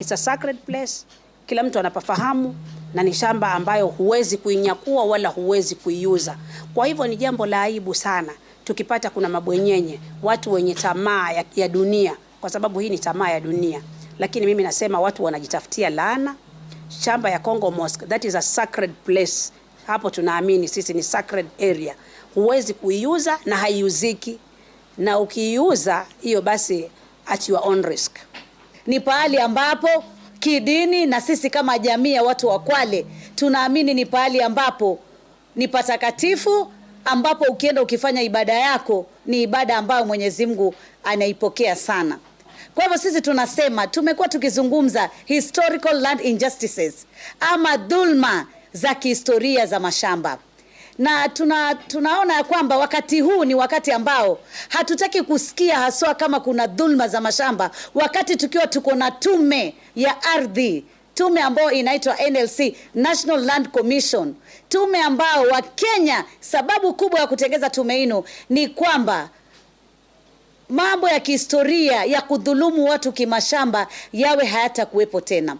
It's a sacred place, kila mtu anapafahamu na ni shamba ambayo huwezi kuinyakua wala huwezi kuiuza. Kwa hivyo ni jambo la aibu sana tukipata kuna mabwenyenye, watu wenye tamaa ya, ya dunia, kwa sababu hii ni tamaa ya dunia. Lakini mimi nasema watu wanajitafutia laana. Shamba ya Congo Mosque, that is a sacred place. Hapo tunaamini sisi ni sacred area, huwezi kuiuza na haiuziki, na ukiiuza hiyo basi at your own risk ni pahali ambapo kidini na sisi kama jamii ya watu wa Kwale tunaamini ni pahali ambapo ni patakatifu ambapo ukienda ukifanya ibada yako ni ibada ambayo Mwenyezi Mungu anaipokea sana. Kwa hivyo sisi tunasema, tumekuwa tukizungumza historical land injustices ama dhulma za kihistoria za mashamba na tuna, tunaona ya kwamba wakati huu ni wakati ambao hatutaki kusikia haswa kama kuna dhulma za mashamba, wakati tukiwa tuko na tume ya ardhi, tume ambayo inaitwa NLC, National Land Commission, tume ambao Wakenya, sababu kubwa ya kutengeza tume hino ni kwamba mambo ya kihistoria ya kudhulumu watu kimashamba yawe hayatakuwepo tena.